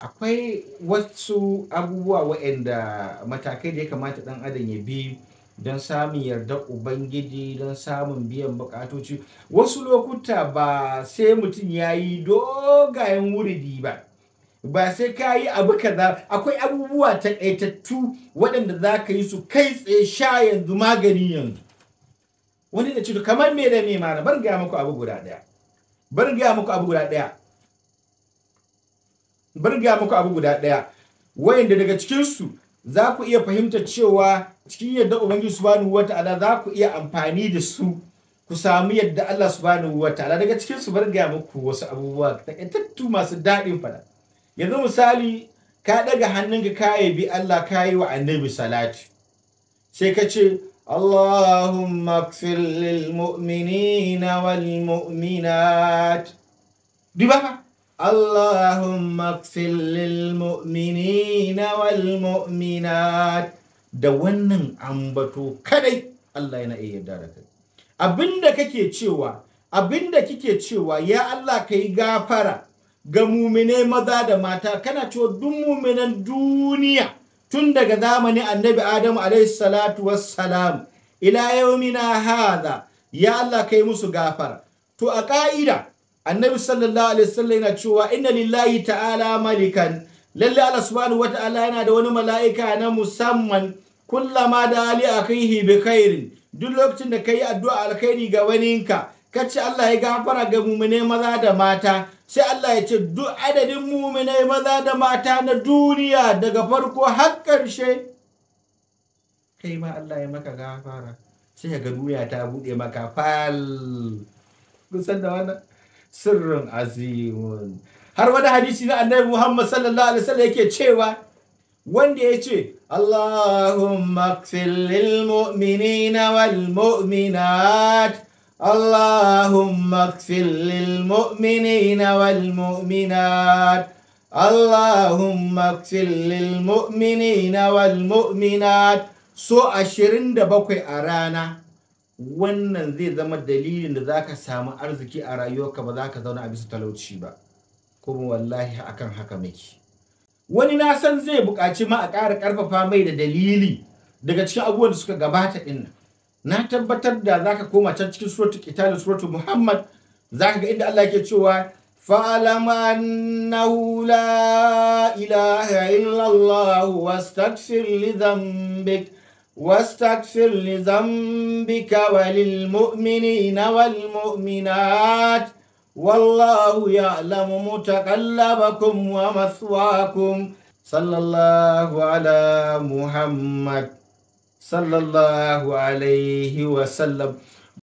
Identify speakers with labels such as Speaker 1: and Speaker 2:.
Speaker 1: akwai wasu abubuwa waɗanda matakai da ya kamata ɗan adam ya bi don samun yardar ubangiji don samun biyan bukatoci wasu lokuta ba sai mutum ya yi dogayen wuridi ba ba sai ka yi abu kaza akwai abubuwa takaitattu waɗanda za ka yi su kai tsaye sha yanzu magani yanzu wani da cuta kamar me da me mana bar gaya muku abu guda ɗaya bar gaya muku abu guda ɗaya burga muku abu guda ɗaya wayanda daga cikinsu za ku iya fahimta cewa cikin yadda ubangiji subhanahu ta'ala za ku iya amfani da su ku samu yadda Allah subhanahu ta'ala daga cikin su barga muku wasu abubuwa takaitattu masu daɗin fada yanzu misali ka daga hannunka ka bi Allah ka yi wa annabi salati sai ka ce Allahumma kfir lil mu'minina wal mu'minat duba اللهم اغفر للمؤمنين والمؤمنات da wannan ambato kadai Allah yana iya yarda da kai abinda kake cewa abinda kike cewa ya Allah kai gafara ga mumine maza da mata kana cewa duk muminan duniya tun daga zamanin annabi Adamu alaihi salatu wassalam ila yaumina hadha ya Allah kai musu gafara to a ka'ida annabi sallallahu alaihi wasallam yana cewa inna lillahi ta'ala malikan lalle Allah subhanahu wata'ala yana da wani mala'ika na musamman kullama da ali akaihi bi khairin duk lokacin da kai addu'a alkhairi ga waninka kace Allah ya gafara ga mumine maza da mata sai Allah ya ce duk adadin mumine maza da mata na duniya daga farko har ƙarshe kai ma Allah ya maka gafara sai ga duniya ta buɗe maka fal kun san da wannan sirrun azimun har wani hadisi na annabi Muhammad sallallahu alaihi wasallam yake cewa wanda ya ce Allahumma kfir lil mu'minina wal mu'minat Allahumma kfir lil mu'minina wal mu'minat Allahumma kfir lil mu'minina wal mu'minat so 27 a rana wannan zai zama dalilin da za ka samu arziki a rayuwarka ba za ka zauna a bisa talauci ba kuma wallahi akan haka muke wani na san zai buƙaci ma a ƙara ƙarfafa mai da dalili daga cikin abubuwan da suka gabata ɗin na tabbatar da za ka koma can cikin suratul qital suratul muhammad za ka ga inda Allah ke cewa فاعلم أنه ilaha إله إلا الله واستغفر لذنبك واستغفر لذنبك وللمؤمنين والمؤمنات والله يعلم متقلبكم ومثواكم صلى الله على محمد صلى الله عليه وسلم